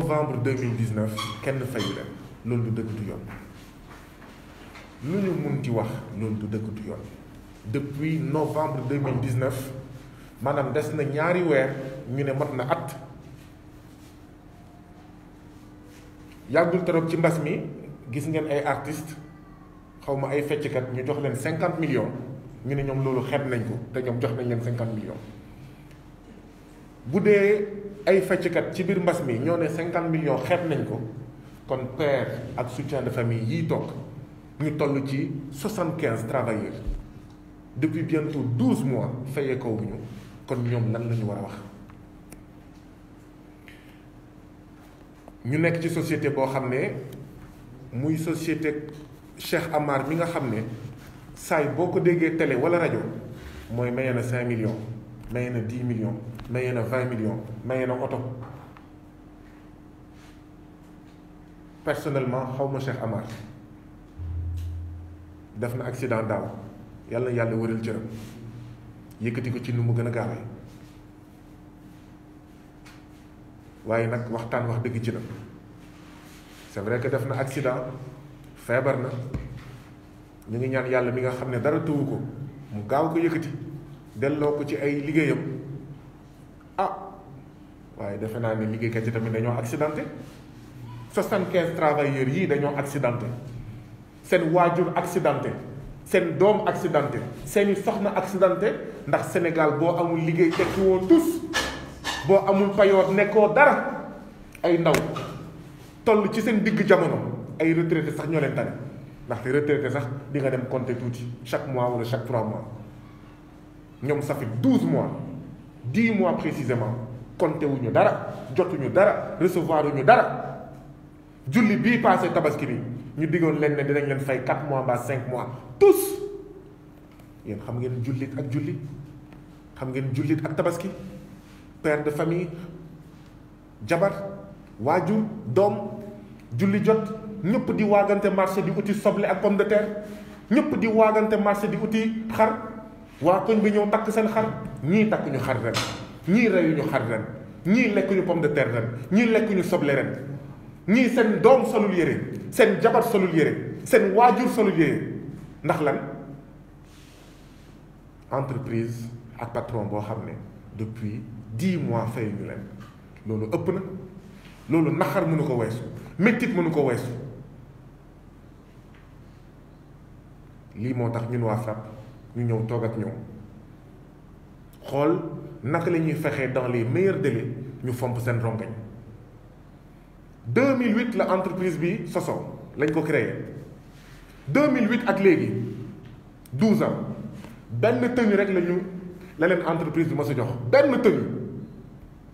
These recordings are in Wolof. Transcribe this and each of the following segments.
novembre deux mille dix neuf kenn fayu leen loolu du dëgg du yoon lu ñu mun ci wax loolu du dëgg du yoon depuis novembre deux mille dix neuf maanaam des na ñaari weer ñu ne mat na at yàggul trop ci mbas mi gis ngeen ay artistes xaw ma ay fecckat ñu jox leen cinquante million ñu ne ñoom loolu xet nañ ko te ñoom jox nañ leen cinquante million bu dee ay fecckat ci biir mbas mi ñoo ne cinquante millions xeeb nañ ko kon père ak soutien de famille yii toog ñu toll ci soixante quinze travailleurs depuis bientôt douze mois fayee ko bu ñu kon ñoom lan lañu ñu war a wax. ñu nekk ci société boo xam ne muy société Cheikh Amar mi nga xam ne saay boo ko déggee télé wala rajo mooy maye na cinq millions maye na dix million mayee na vingt millions mayee na oto personnellement xaw ma Cheikh Amar def na accident daaw yàlla na yàlla wëral cëram yëkkati ko ci nu mu gën a gaawee waaye nag waxtaan wax dëgg ci na c'est que def na accident feebar na ñu ngi ñaan yàlla mi nga xam ne dara tëwu ko mu gaaw ko yëkkati delloo ko ci ay liggéeyam waaye defe naa ne liggéeykat yi tamit dañoo accidenté soixante-quinze travailleurs yii dañoo accidente seen waajur accidenté seen doom accidenté seeni soxna accidenté ndax Sénégal boo amul liggéey tekki woo tus boo amul payoor nekkoo dara ay ndaw toll ci seen digg jamono ay retraité sax ñoo leen tane ndaxte retraité sax di nga dem compter tuuti chaque mois wala chaque trois mois ñoom ça fait douze mois dix mois précisément compté wuñu dara jotuñu dara recevoir wuñu dara julli bii passé tabaski bi ñu diggoon leen ne dinañ leen fay 4 mois ba 5 mois tous yéen xam ngeen jullit ak julli xam ngeen jullit ak tabaski père de famille jabar waajur doom julli jot ñëpp di waagante marché di uti soble ak pomme de terre ñëpp di waagante marché di uti xar waa koñ bi ñëw takk seen xar ñii takkuñu xar ren ñii reyuñu xar ren ñii lekkuñu pomme de terre ren ñii lekkuñu soble ren ñii seen doom solul yére seen jabar solul yére seen waajur solul yére ndax lan entreprise ak patron boo xam ne depuis dix mois fayuñu leen loolu ëpp na loolu naxar mënu ko weesu méttit mënu ko weesu lii moo tax ñun waa FRAPP ñu ñëw toggat ak xool naka la ñuy fexee dans les meilleurs délais ñu fomp seen rongañ 2008 la entreprise bi soso lañ ko créé 2008 ak léegi 12 ans benn tenue rek la ñu la leen entreprise bi ma sa jox benn tenue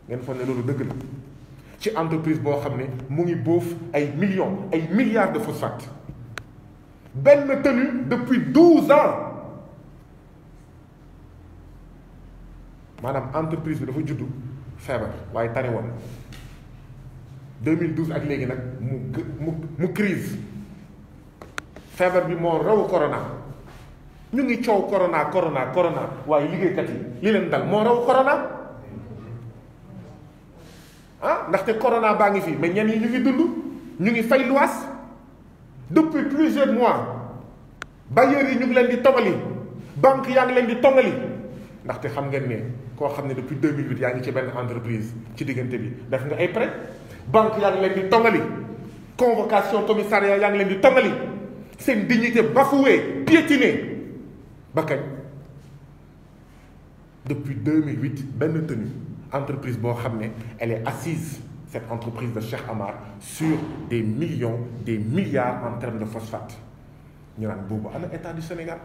ngeen foog ne loolu dëgg la ci entreprise boo xam ne mu ngi boof ay million ay milliards de phosphate benn tenue depuis 12 ans. maanaam entreprise bi dafa juddu feebar waaye tane woon 2012 ak léegi nag mu mu mu crise feebar bi moo raw corona ñu ngi coow corona corona corona waaye liggéeykat yi li leen dal moo raw corona ah ndaxte corona baa ngi fii ma ñenn yi ñu ngi dund ñu ngi fay luwaas depuis plusieurs mois bailleurs yi ñu ngi leen di togali banque yaa ngi leen di togali ndaxte xam ngeen ne koo xam ne depuis 2008 yaa ngi ci benn entreprise ci diggante bi def nga ay prêt banque yaa ngi leen di tongali convocation commissariat yaa ngi leen di tongali seen dignité bafouée piétinée ba kañ depuis deux 2008 benn tenue entreprise boo xam ne elle est assise cette entreprise de Cheikh Amar sur des millions des milliards en termes de phosphate ñu naan boobu ana état du Sénégal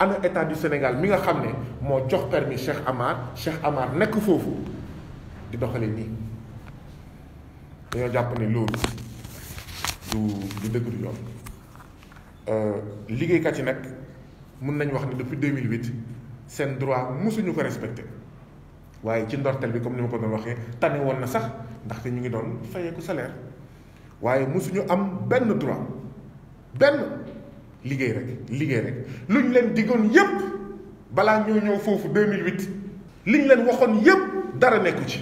ana état du Sénégal mi nga xam ne moo jox permis Cheikh amaar Cheikh Amar nekk foofu di doxale nii dañoo jàpp ne loolu du dëgg du yoon euh, liggéeykat yi nag mun nañu wax ne depuis 2008 seen droit mosuñu ko respecté waaye ci ndorteel bi comme ni ma ko doon waxee tane woon na sax ndaxte ñu ngi doon fayeeku salaire waaye mosuñu am benn droit benn. liggéey rek liggéey rek luñ leen diggoon yépp balaa ñoo ñëw foofu 2008 liñ leen waxoon yépp dara nekku ci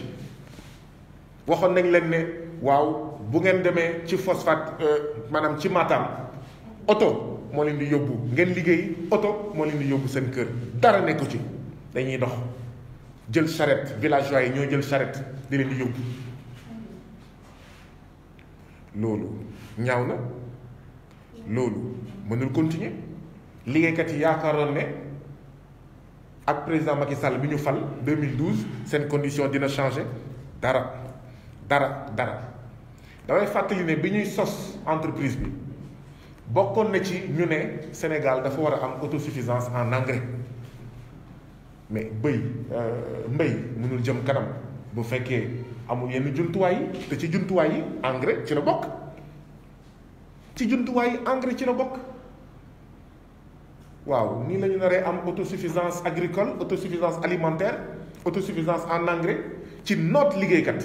waxoon nañ leen ne waaw bu ngeen demee ci phosphate euh, maanaam ci Matam oto moo leen di yóbbu ngeen liggéey oto moo leen di yóbbu seen kër dara nekku ci dañuy dox jël charrette villageois yi ñoo jël charrette di leen di yóbbu loolu ñaaw na. loolu mënul continuer liggéeykat yi yaakaaroon ne ak président Macky Sall bi ñu fal 2012 seen condition dina changer dara dara dara damay fàttali ne bi ñuy sos entreprise bi bokkoon na ci ñu ne Sénégal dafa war a am autosuffisance en engrais mais bëy euh, mbéy mënul jëm kanam bu fekkee amul yenn jumtuwaay yi te ci jumtuwaay yi engrais ci la bokk. ci jumtuwaay engrais ci la bokk waaw nii la ñu naree am autosuffisance agricole autosuffisance alimentaire autosuffisance en engrais ci noot liggéeykat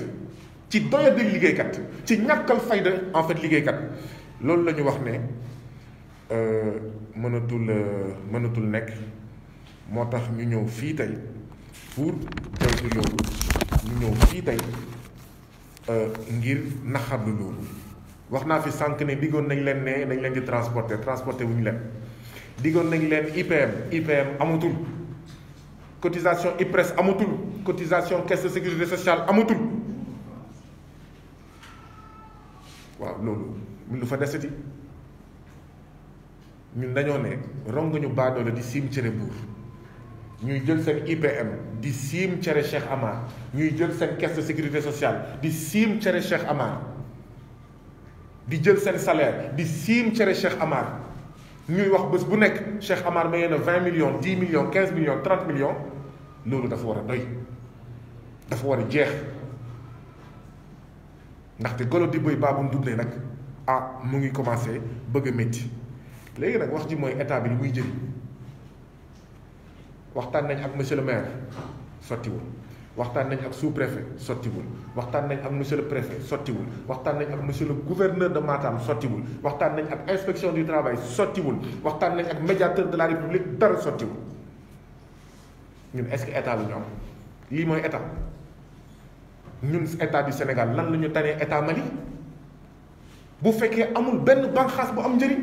ci doyadi liggéeykat ci ñàkkal fayda en fait liggéeykat loolu la wax ne euh, mënatul euh, mënatul nekk moo tax ñu ñëw fii tey pour jawtu loolu ñu ñëw fii tey euh, ngir naxarlu loolu wax naa fi sànq ne diggoon nañ leen ne dañ leen di transporter transporter wuñu leen diggoon nañ leen IPM IPM amatul cotisation IPRES amatul cotisation caisse de sécurité sociale amatul waaw loolu lu fa deseti ñun dañoo ne rong ñu baadoole di siim cere buur ñuy jël seen IPM di siim cere Cheikh Amar ñuy jël seen caisse de sécurité sociale di siim cere Cheikh Amar di jël seen salaire di siim cere Cheikh Amar ñuy wax bés bu nekk Cheikh Amar ma na vingt millions dix millions quinze millions trente millions loolu dafa war a doy dafa war a jeex ndaxte golo di bëy baabu dundee nag ah mu ngi commencé bëgg a métti léegi nag wax ji mooy état bi li muy jëriñ waxtaan nañ ak monsieur le maire sottiwul waxtaan nañ ak sous-préfet sottiwul waxtaan nañ ak monsieur le préfet sottiwul waxtaan nañ ak monsieur le gouverneur de Matam sottiwul waxtaan nañ ak inspection du travail sottiwul waxtaan nañ ak médiateur de la république dara sottiwul ñun est-ce que état la ñu am lii mooy état ñun état du Sénégal lan la ñu tanee état Mali bu fekkee amul benn banxaas bu am njariñ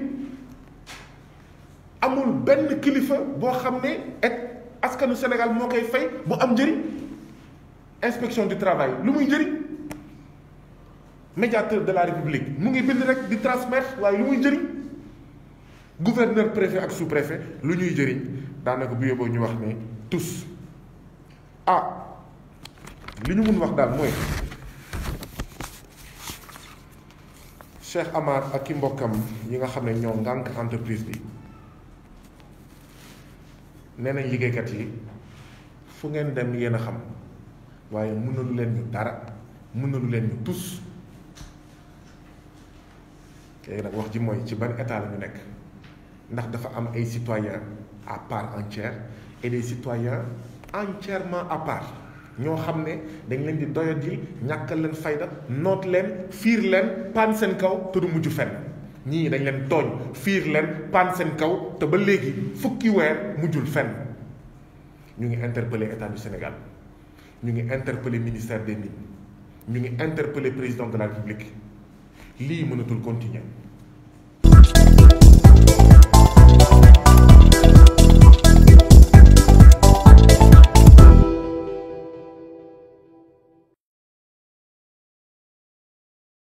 amul benn kilifa boo xam ne et askanu Sénégal moo koy fay bu am njëriñ inspection du travail lu muy njëriñ médiateur de la république mu ngi bind rek di transmettre waaye lu muy njëriñ gouverneur préfet ak sous préfet lu ñuy jëriñ daanaka bu yóbboo ñu wax ne tous ah li ñu mun wax daal mooy Cheikh Amar ak ki mbokkam yi nga xam ne ñoo ngànk entreprise bi nee nañ liggéeykat yi fu ngeen dem yéen a xam waaye mënalu leen ñu dara mënalu leen ñu tus léegi nag wax ji mooy ci ban état la ñu nekk ndax dafa am ay citoyens à part entière et des citoyens entièrement à part ñoo xam ne dañ leen di doyat yi ñàkkal leen fayda noot leen fiir leen paan seen kaw te du mujj fenn ñii dañ leen tooñ fiir leen paan seen kaw te ba léegi fukki weer mujjul fenn ñu ngi interpellé état du Sénégal ñu ngi interpellé ministère des mines ñu ngi interpellé président de la république lii mënatul continuer